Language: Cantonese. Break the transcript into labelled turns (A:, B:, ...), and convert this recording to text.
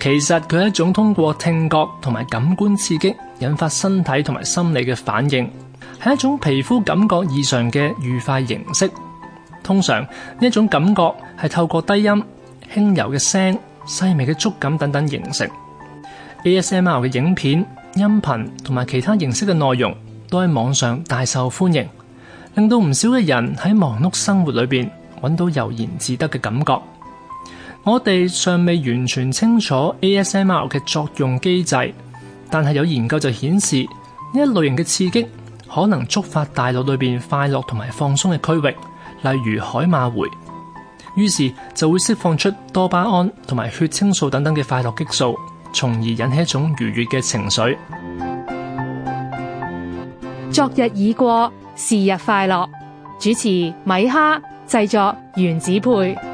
A: 其實佢係一種通過聽覺同埋感官刺激引發身體同埋心理嘅反應，係一種皮膚感覺異常嘅愉快形式。通常呢一種感覺係透過低音、輕柔嘅聲、細微嘅觸感等等形成。ASMR 嘅影片、音頻同埋其他形式嘅內容都喺網上大受歡迎，令到唔少嘅人喺忙碌生活裏邊揾到悠然自得嘅感覺。我哋尚未完全清楚 ASMR 嘅作用機制，但係有研究就顯示呢一類型嘅刺激可能觸發大腦裏邊快樂同埋放鬆嘅區域，例如海馬回，於是就會釋放出多巴胺同埋血清素等等嘅快樂激素，從而引起一種愉悅嘅情緒。
B: 昨日已過，是日快樂。主持米哈，製作原子配。